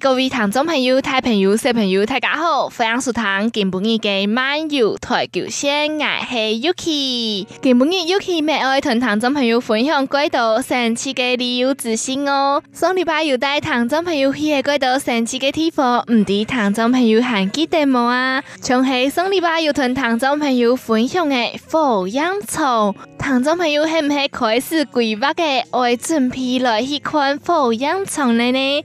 各位聽眾朋友、大朋友、小朋友、大家好，歡迎收聽今晡日的漫遊台九線，我是 Yuki。今晡日 Yuki 每愛同聽眾朋友分享軌道神奇嘅旅遊資訊哦。上禮拜有帶聽眾朋友去嘅軌道神奇嘅地方，唔知聽眾朋友還記得冇啊？仲係上禮拜要同聽眾朋友分享嘅富氧倉，聽眾朋友係唔係開始規劃嘅愛準備來去看富氧倉呢？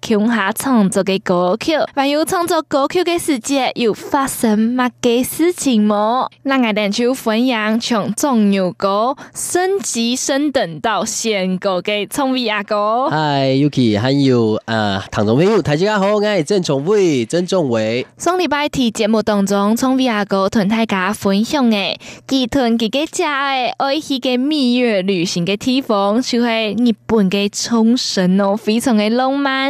瓊霞創作嘅歌曲，還有創作歌曲嘅時節又發生乜嘅事情冇？咱愛泉就分享從眾友歌，升級升等到現個嘅聰偉阿哥。Hi Yuki，還有誒，聽眾朋友，大家好，我係鄭聰偉，鄭聰偉。上禮拜天節目當中，聰偉阿哥同大家分享誒，佢同佢個食誒，愛去嘅蜜月旅行嘅地方，就係日本嘅沖繩咯，非常嘅浪漫。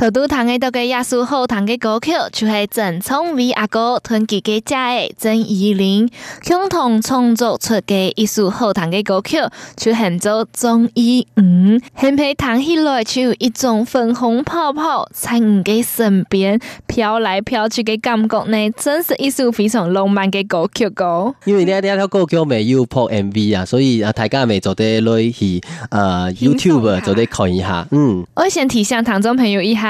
首都談嘅都個藝術好聽嘅歌曲，就係鄭聰偉阿哥團自己寫嘅《鄭怡玲》，共同創作出嘅藝術好聽嘅歌曲，就叫做《中醫五》。平平彈起來，就有一種粉紅泡泡在五家身邊飄來飄去嘅感覺呢，真是一首非常浪漫嘅歌曲哦。因為呢，呢條歌曲沒有播 M V 啊，所以、呃、啊，大家咪做啲落去，呃，YouTube 做啲看一下。嗯，我先提醒聽眾朋友一下。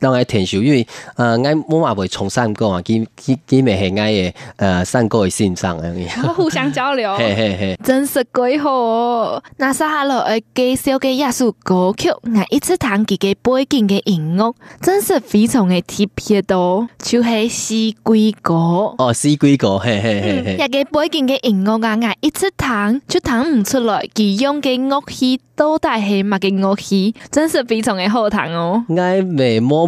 讓我來填秀，因為呃，我話會從三個啊，基基基，面係愛的呃，三個嘅欣賞，我互相交流，嘿嘿嘿，真實鬼好。那撒哈拉的介紹的一首歌曲，我一直彈幾己背景的音樂，真是非常的貼切的，就係《四季歌》哦，《四季歌》，嘿嘿嘿嘿。一個背景的音樂啊，我一直彈就彈唔出來，佢用的樂器都帶係乜的樂器，真是非常的好彈哦，愛美魔。